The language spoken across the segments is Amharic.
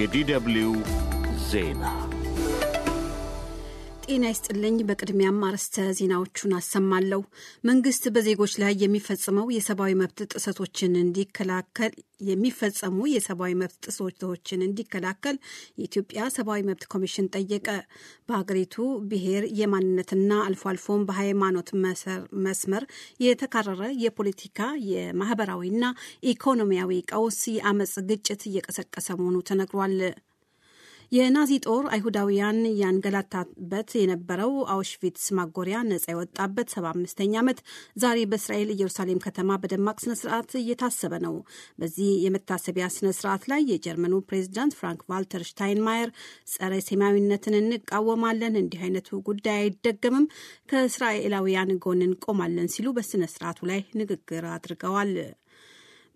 የዲደብልዩ ዜና ጤና ይስጥልኝ። በቅድሚያም አርዕስተ ዜናዎቹን አሰማለሁ። መንግስት በዜጎች ላይ የሚፈጽመው የሰብአዊ መብት ጥሰቶችን እንዲከላከል የሚፈጸሙ የሰብአዊ መብት ጥሰቶችን እንዲከላከል የኢትዮጵያ ሰብአዊ መብት ኮሚሽን ጠየቀ። በሀገሪቱ ብሔር፣ የማንነትና አልፎ አልፎም በሃይማኖት መስመር የተካረረ የፖለቲካ የማህበራዊና ኢኮኖሚያዊ ቀውስ የአመፅ ግጭት እየቀሰቀሰ መሆኑ ተነግሯል። የናዚ ጦር አይሁዳውያን ያንገላታበት የነበረው አውሽቪትስ ማጎሪያ ነጻ የወጣበት 75ኛ ዓመት ዛሬ በእስራኤል ኢየሩሳሌም ከተማ በደማቅ ስነ ስርዓት እየታሰበ ነው። በዚህ የመታሰቢያ ስነ ስርዓት ላይ የጀርመኑ ፕሬዚዳንት ፍራንክ ቫልተር ሽታይንማየር ጸረ ሴማዊነትን እንቃወማለን፣ እንዲህ አይነቱ ጉዳይ አይደገምም፣ ከእስራኤላውያን ጎን እንቆማለን ሲሉ በስነ ስርዓቱ ላይ ንግግር አድርገዋል።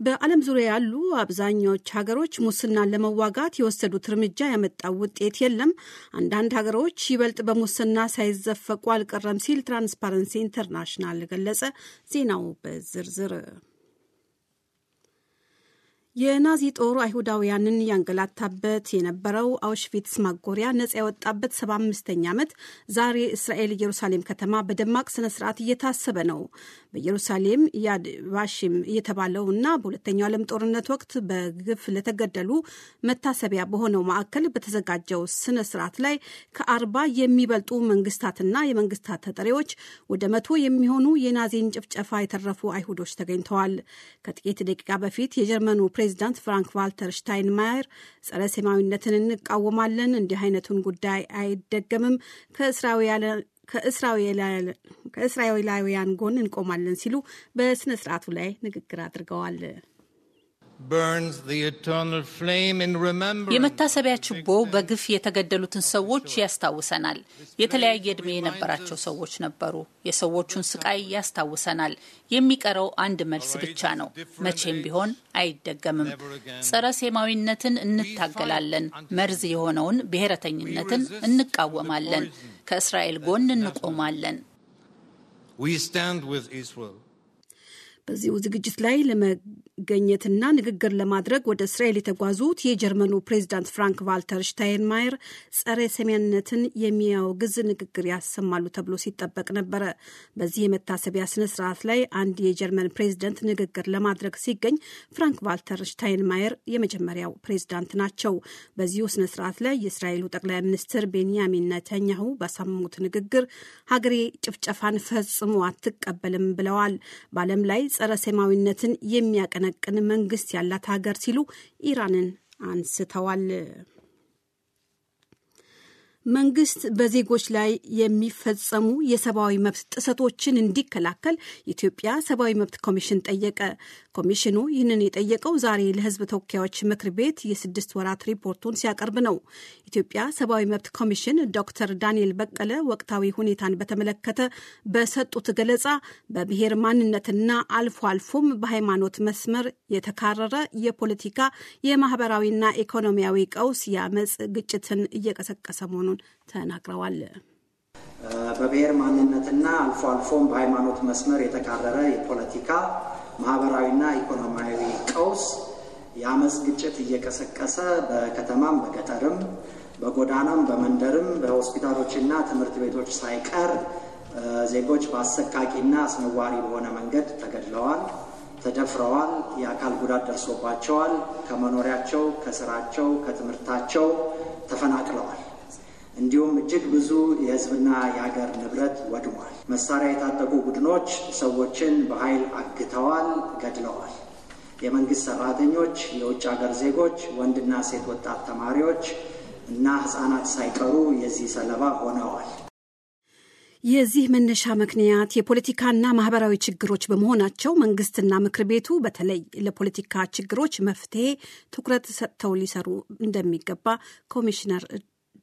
በዓለም ዙሪያ ያሉ አብዛኛዎች ሀገሮች ሙስናን ለመዋጋት የወሰዱት እርምጃ ያመጣው ውጤት የለም፣ አንዳንድ ሀገሮች ይበልጥ በሙስና ሳይዘፈቁ አልቀረም ሲል ትራንስፓረንሲ ኢንተርናሽናል ገለጸ። ዜናው በዝርዝር የናዚ ጦሩ አይሁዳውያንን ያንገላታበት የነበረው አውሽቪትስ ማጎሪያ ነጻ ያወጣበት 75ኛ ዓመት ዛሬ እስራኤል ኢየሩሳሌም ከተማ በደማቅ ስነ ስርዓት እየታሰበ ነው። በኢየሩሳሌም ያድ ቫሽም እና በሁለተኛው ዓለም ጦርነት ወቅት በግፍ ለተገደሉ መታሰቢያ በሆነው ማዕከል በተዘጋጀው ስነ ስርዓት ላይ ከአርባ የሚበልጡ መንግስታትና የመንግስታት ተጠሪዎች ወደ መቶ የሚሆኑ የናዚን ጭፍጨፋ የተረፉ አይሁዶች ተገኝተዋል። ከጥቂት ደቂቃ በፊት የጀርመኑ ፕሬዚዳንት ፍራንክ ቫልተር ሽታይንማየር ጸረ ሴማዊነትን እንቃወማለን፣ እንዲህ አይነቱን ጉዳይ አይደገምም፣ ከእስራኤላውያን ጎን እንቆማለን ሲሉ በስነ ስርዓቱ ላይ ንግግር አድርገዋል። የመታሰቢያ ችቦ በግፍ የተገደሉትን ሰዎች ያስታውሰናል። የተለያየ ዕድሜ የነበራቸው ሰዎች ነበሩ። የሰዎቹን ስቃይ ያስታውሰናል። የሚቀረው አንድ መልስ ብቻ ነው፣ መቼም ቢሆን አይደገምም። ጸረ ሴማዊነትን እንታገላለን። መርዝ የሆነውን ብሔረተኝነትን እንቃወማለን። ከእስራኤል ጎን እንቆማለን። በዚሁ ዝግጅት ላይ ለመገኘትና ንግግር ለማድረግ ወደ እስራኤል የተጓዙት የጀርመኑ ፕሬዚዳንት ፍራንክ ቫልተር ሽታይንማየር ጸረ ሰሜንነትን የሚያወግዝ ንግግር ያሰማሉ ተብሎ ሲጠበቅ ነበረ። በዚህ የመታሰቢያ ስነ ስርዓት ላይ አንድ የጀርመን ፕሬዚደንት ንግግር ለማድረግ ሲገኝ ፍራንክ ቫልተር ሽታይንማየር የመጀመሪያው ፕሬዚዳንት ናቸው። በዚሁ ስነ ስርዓት ላይ የእስራኤሉ ጠቅላይ ሚኒስትር ቤንያሚን ነተኛሁ ባሰሙት ንግግር ሀገሬ ጭፍጨፋን ፈጽሞ አትቀበልም ብለዋል። በዓለም ላይ ጸረ ሴማዊነትን የሚያቀነቅን መንግስት ያላት ሀገር ሲሉ ኢራንን አንስተዋል። መንግስት በዜጎች ላይ የሚፈጸሙ የሰብአዊ መብት ጥሰቶችን እንዲከላከል የኢትዮጵያ ሰብአዊ መብት ኮሚሽን ጠየቀ። ኮሚሽኑ ይህንን የጠየቀው ዛሬ ለህዝብ ተወካዮች ምክር ቤት የስድስት ወራት ሪፖርቱን ሲያቀርብ ነው። ኢትዮጵያ ሰብአዊ መብት ኮሚሽን ዶክተር ዳንኤል በቀለ ወቅታዊ ሁኔታን በተመለከተ በሰጡት ገለጻ በብሔር ማንነትና አልፎ አልፎም በሃይማኖት መስመር የተካረረ የፖለቲካ የማህበራዊና ኢኮኖሚያዊ ቀውስ የአመፅ ግጭትን እየቀሰቀሰ መሆኑን ተናግረዋል። በብሔር ማንነትና አልፎ አልፎም በሃይማኖት መስመር የተካረረ የፖለቲካ ማህበራዊና ኢኮኖሚያዊ ቀውስ የአመፅ ግጭት እየቀሰቀሰ በከተማም በገጠርም በጎዳናም በመንደርም በሆስፒታሎችና ትምህርት ቤቶች ሳይቀር ዜጎች በአሰቃቂና አስነዋሪ በሆነ መንገድ ተገድለዋል፣ ተደፍረዋል፣ የአካል ጉዳት ደርሶባቸዋል፣ ከመኖሪያቸው፣ ከስራቸው፣ ከትምህርታቸው ተፈናቅለዋል። እንዲሁም እጅግ ብዙ የሕዝብና የሀገር ንብረት ወድሟል። መሳሪያ የታጠቁ ቡድኖች ሰዎችን በኃይል አግተዋል፣ ገድለዋል። የመንግስት ሰራተኞች፣ የውጭ ሀገር ዜጎች፣ ወንድና ሴት ወጣት ተማሪዎች እና ህጻናት ሳይቀሩ የዚህ ሰለባ ሆነዋል። የዚህ መነሻ ምክንያት የፖለቲካና ማህበራዊ ችግሮች በመሆናቸው መንግስትና ምክር ቤቱ በተለይ ለፖለቲካ ችግሮች መፍትሄ ትኩረት ሰጥተው ሊሰሩ እንደሚገባ ኮሚሽነር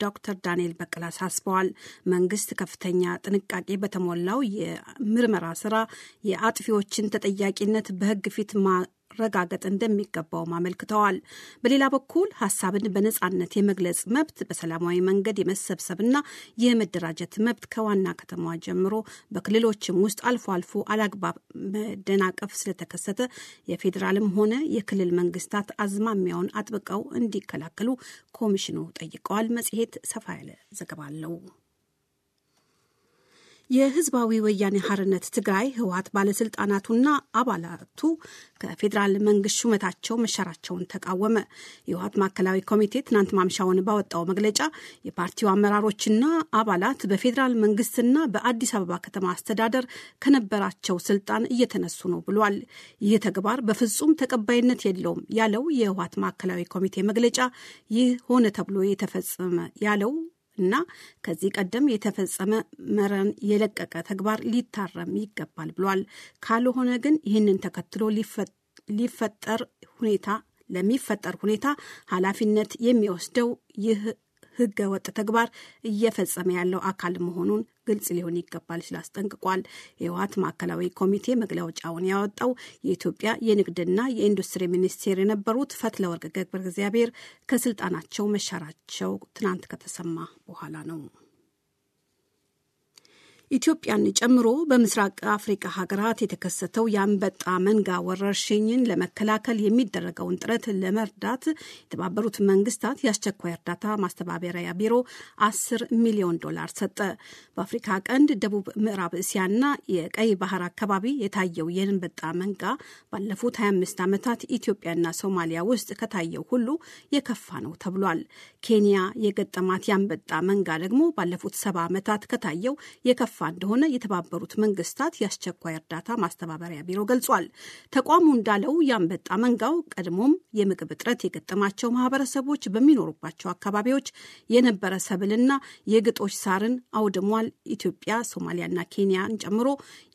ዶክተር ዳንኤል በቀለ አሳስበዋል። መንግስት ከፍተኛ ጥንቃቄ በተሞላው የምርመራ ስራ የአጥፊዎችን ተጠያቂነት በህግ ፊት መረጋገጥ እንደሚገባውም አመልክተዋል። በሌላ በኩል ሀሳብን በነጻነት የመግለጽ መብት፣ በሰላማዊ መንገድ የመሰብሰብና የመደራጀት መብት ከዋና ከተማዋ ጀምሮ በክልሎችም ውስጥ አልፎ አልፎ አላግባብ መደናቀፍ ስለተከሰተ የፌዴራልም ሆነ የክልል መንግስታት አዝማሚያውን አጥብቀው እንዲከላከሉ ኮሚሽኑ ጠይቀዋል። መጽሔት ሰፋ ያለ ዘገባ አለው። የህዝባዊ ወያኔ ሀርነት ትግራይ ህወሀት ባለስልጣናቱና አባላቱ ከፌዴራል መንግስት ሹመታቸው መሻራቸውን ተቃወመ። የህወሀት ማዕከላዊ ኮሚቴ ትናንት ማምሻውን ባወጣው መግለጫ የፓርቲው አመራሮችና አባላት በፌዴራል መንግስትና በአዲስ አበባ ከተማ አስተዳደር ከነበራቸው ስልጣን እየተነሱ ነው ብሏል። ይህ ተግባር በፍጹም ተቀባይነት የለውም ያለው የህወሀት ማዕከላዊ ኮሚቴ መግለጫ ይህ ሆነ ተብሎ የተፈጸመ ያለው እና ከዚህ ቀደም የተፈጸመ መረን የለቀቀ ተግባር ሊታረም ይገባል ብሏል። ካልሆነ ግን ይህንን ተከትሎ ሊፈጠር ሁኔታ ለሚፈጠር ሁኔታ ኃላፊነት የሚወስደው ይህ ህገ ወጥ ተግባር እየፈጸመ ያለው አካል መሆኑን ግልጽ ሊሆን ይገባል ሲል አስጠንቅቋል። የህወሀት ማዕከላዊ ኮሚቴ መግለጫውን ያወጣው የኢትዮጵያ የንግድና የኢንዱስትሪ ሚኒስቴር የነበሩት ፈትለ ወርቅ ገብረ እግዚአብሔር ከስልጣናቸው መሻራቸው ትናንት ከተሰማ በኋላ ነው። ኢትዮጵያን ጨምሮ በምስራቅ አፍሪካ ሀገራት የተከሰተው የአንበጣ መንጋ ወረርሽኝን ለመከላከል የሚደረገውን ጥረት ለመርዳት የተባበሩት መንግስታት የአስቸኳይ እርዳታ ማስተባበሪያ ቢሮ አስር ሚሊዮን ዶላር ሰጠ። በአፍሪካ ቀንድ ደቡብ ምዕራብ እስያና የቀይ ባህር አካባቢ የታየው የአንበጣ መንጋ ባለፉት 25 ዓመታት ኢትዮጵያና ሶማሊያ ውስጥ ከታየው ሁሉ የከፋ ነው ተብሏል። ኬንያ የገጠማት የአንበጣ መንጋ ደግሞ ባለፉት ሰባ ዓመታት ከታየው የከፋ እየሰፋ እንደሆነ የተባበሩት መንግስታት የአስቸኳይ እርዳታ ማስተባበሪያ ቢሮ ገልጿል። ተቋሙ እንዳለው የአንበጣ መንጋው ቀድሞም የምግብ እጥረት የገጠማቸው ማህበረሰቦች በሚኖሩባቸው አካባቢዎች የነበረ ሰብልና የግጦሽ ሳርን አውድሟል። ኢትዮጵያ፣ ሶማሊያና ኬንያን ጨምሮ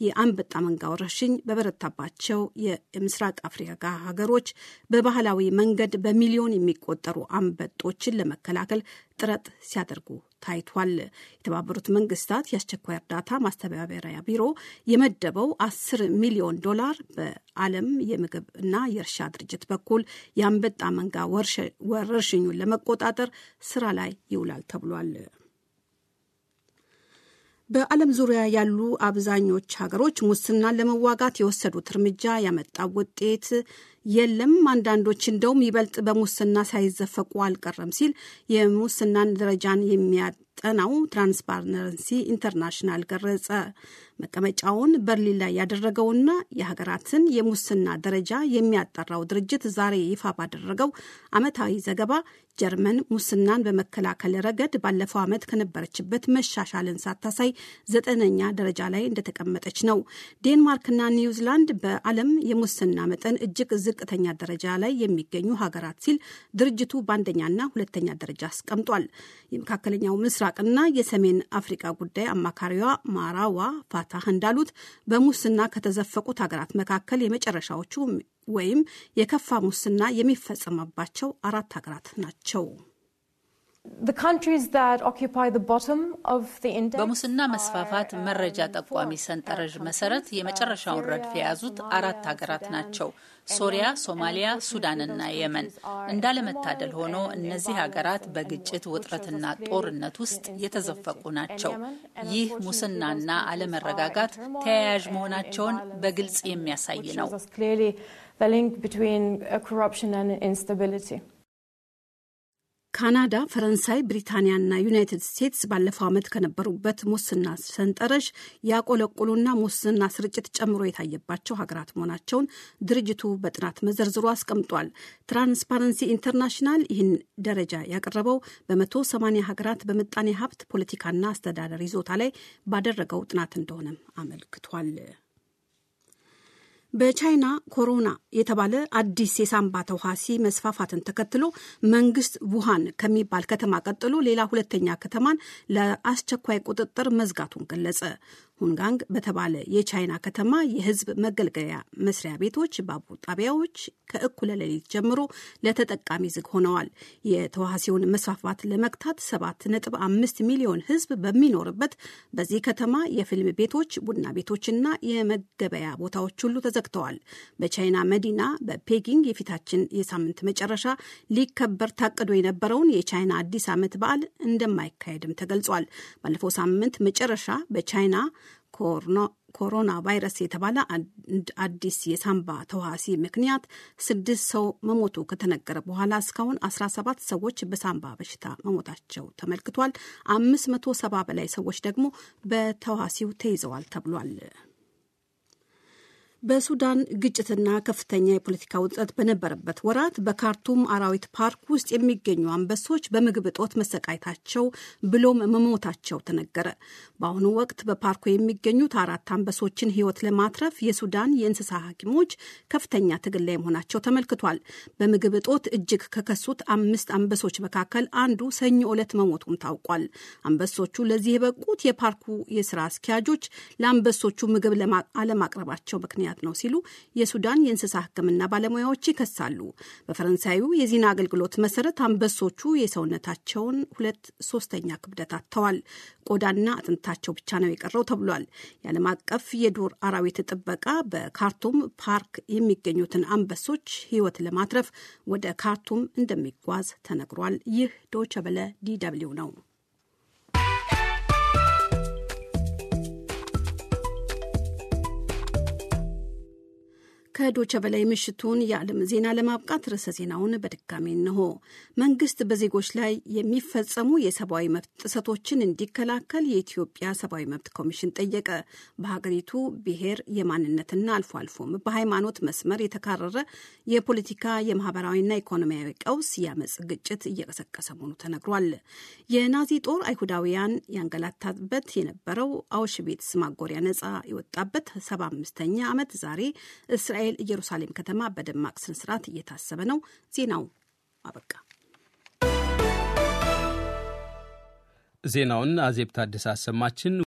የአንበጣ መንጋ ወረርሽኝ በበረታባቸው የምስራቅ አፍሪካ ሀገሮች በባህላዊ መንገድ በሚሊዮን የሚቆጠሩ አንበጦችን ለመከላከል ጥረት ሲያደርጉ ታይቷል። የተባበሩት መንግስታት የአስቸኳይ እርዳታ ማስተባበሪያ ቢሮ የመደበው አስር ሚሊዮን ዶላር በዓለም የምግብ እና የእርሻ ድርጅት በኩል የአንበጣ መንጋ ወረርሽኙን ለመቆጣጠር ስራ ላይ ይውላል ተብሏል። በዓለም ዙሪያ ያሉ አብዛኞች ሀገሮች ሙስናን ለመዋጋት የወሰዱት እርምጃ ያመጣው ውጤት የለም አንዳንዶች እንደውም ይበልጥ በሙስና ሳይዘፈቁ አልቀረም ሲል የሙስናን ደረጃን የሚያጠናው ትራንስፓረንሲ ኢንተርናሽናል ገረጸ መቀመጫውን በርሊን ላይ ያደረገውና የሀገራትን የሙስና ደረጃ የሚያጠራው ድርጅት ዛሬ ይፋ ባደረገው ዓመታዊ ዘገባ ጀርመን ሙስናን በመከላከል ረገድ ባለፈው ዓመት ከነበረችበት መሻሻልን ሳታሳይ ዘጠነኛ ደረጃ ላይ እንደተቀመጠች ነው። ዴንማርክና ኒውዚላንድ በዓለም የሙስና መጠን እጅግ ዝቅተኛ ደረጃ ላይ የሚገኙ ሀገራት ሲል ድርጅቱ በአንደኛና ሁለተኛ ደረጃ አስቀምጧል። የመካከለኛው ምስራቅና የሰሜን አፍሪካ ጉዳይ አማካሪዋ ማራዋ ፋታህ እንዳሉት በሙስና ከተዘፈቁት ሀገራት መካከል የመጨረሻዎቹ ወይም የከፋ ሙስና የሚፈጸምባቸው አራት ሀገራት ናቸው። በሙስና መስፋፋት um, መረጃ ጠቋሚ ሰንጠረዥ መሰረት የመጨረሻውን uh, ረድፍ የያዙት አራት ሀገራት ናቸው፤ ሶሪያ፣ ሶማሊያ፣ ሱዳንና የመን። እንዳለመታደል ሆኖ እነዚህ ሀገራት በግጭት ውጥረትና ጦርነት ውስጥ የተዘፈቁ ናቸው። ይህ ሙስናና አለመረጋጋት ተያያዥ መሆናቸውን በግልጽ የሚያሳይ ነው። ካናዳ፣ ፈረንሳይ፣ ብሪታንያና ዩናይትድ ስቴትስ ባለፈው ዓመት ከነበሩበት ሙስና ሰንጠረዥ ያቆለቁሉና ሙስና ስርጭት ጨምሮ የታየባቸው ሀገራት መሆናቸውን ድርጅቱ በጥናት መዘርዝሮ አስቀምጧል። ትራንስፓረንሲ ኢንተርናሽናል ይህን ደረጃ ያቀረበው በመቶ ሰማንያ ሀገራት በምጣኔ ሀብት ፖለቲካና አስተዳደር ይዞታ ላይ ባደረገው ጥናት እንደሆነም አመልክቷል። በቻይና ኮሮና የተባለ አዲስ የሳምባ ተህዋሲ መስፋፋትን ተከትሎ መንግስት ውሃን ከሚባል ከተማ ቀጥሎ ሌላ ሁለተኛ ከተማን ለአስቸኳይ ቁጥጥር መዝጋቱን ገለጸ። ሁንጋንግ በተባለ የቻይና ከተማ የህዝብ መገልገያ መስሪያ ቤቶች፣ ባቡር ጣቢያዎች ከእኩለ ሌሊት ጀምሮ ለተጠቃሚ ዝግ ሆነዋል። የተዋሲውን መስፋፋት ለመግታት 7.5 ሚሊዮን ህዝብ በሚኖርበት በዚህ ከተማ የፊልም ቤቶች፣ ቡና ቤቶችና የመገበያ ቦታዎች ሁሉ ተዘግተዋል። በቻይና መዲና በፔኪንግ የፊታችን የሳምንት መጨረሻ ሊከበር ታቅዶ የነበረውን የቻይና አዲስ ዓመት በዓል እንደማይካሄድም ተገልጿል። ባለፈው ሳምንት መጨረሻ በቻይና ኮሮና ቫይረስ የተባለ አዲስ የሳምባ ተዋሲ ምክንያት ስድስት ሰው መሞቱ ከተነገረ በኋላ እስካሁን 17 ሰዎች በሳምባ በሽታ መሞታቸው ተመልክቷል። አምስት መቶ ሰባ በላይ ሰዎች ደግሞ በተዋሲው ተይዘዋል ተብሏል። በሱዳን ግጭትና ከፍተኛ የፖለቲካ ውጥረት በነበረበት ወራት በካርቱም አራዊት ፓርክ ውስጥ የሚገኙ አንበሶች በምግብ እጦት መሰቃየታቸው ብሎም መሞታቸው ተነገረ። በአሁኑ ወቅት በፓርኩ የሚገኙት አራት አንበሶችን ሕይወት ለማትረፍ የሱዳን የእንስሳ ሐኪሞች ከፍተኛ ትግል ላይ መሆናቸው ተመልክቷል። በምግብ እጦት እጅግ ከከሱት አምስት አንበሶች መካከል አንዱ ሰኞ ዕለት መሞቱም ታውቋል። አንበሶቹ ለዚህ የበቁት የፓርኩ የስራ አስኪያጆች ለአንበሶቹ ምግብ አለማቅረባቸው ምክንያት ምክንያት ነው ሲሉ የሱዳን የእንስሳ ሕክምና ባለሙያዎች ይከሳሉ። በፈረንሳዩ የዜና አገልግሎት መሰረት አንበሶቹ የሰውነታቸውን ሁለት ሶስተኛ ክብደት አጥተዋል። ቆዳና አጥንታቸው ብቻ ነው የቀረው ተብሏል። የዓለም አቀፍ የዱር አራዊት ጥበቃ በካርቱም ፓርክ የሚገኙትን አንበሶች ሕይወት ለማትረፍ ወደ ካርቱም እንደሚጓዝ ተነግሯል። ይህ ዶቸበለ በለ ዲ ደብልዩ ነው። ከዶቸ በላይ ምሽቱን የዓለም ዜና ለማብቃት ርዕሰ ዜናውን በድጋሚ እንሆ። መንግስት በዜጎች ላይ የሚፈጸሙ የሰብአዊ መብት ጥሰቶችን እንዲከላከል የኢትዮጵያ ሰብአዊ መብት ኮሚሽን ጠየቀ። በሀገሪቱ ብሔር፣ የማንነትና አልፎ አልፎም በሃይማኖት መስመር የተካረረ የፖለቲካ የማህበራዊና ኢኮኖሚያዊ ቀውስ የአመፅ ግጭት እየቀሰቀሰ መሆኑ ተነግሯል። የናዚ ጦር አይሁዳውያን ያንገላታበት የነበረው አውሽቤትስ ማጎሪያ ነጻ የወጣበት ሰባ አምስተኛ ዓመት ዛሬ እስራኤል በእስራኤል ኢየሩሳሌም ከተማ በደማቅ ስነስርዓት እየታሰበ ነው። ዜናው አበቃ። ዜናውን አዜብ ታደሰ አሰማችን።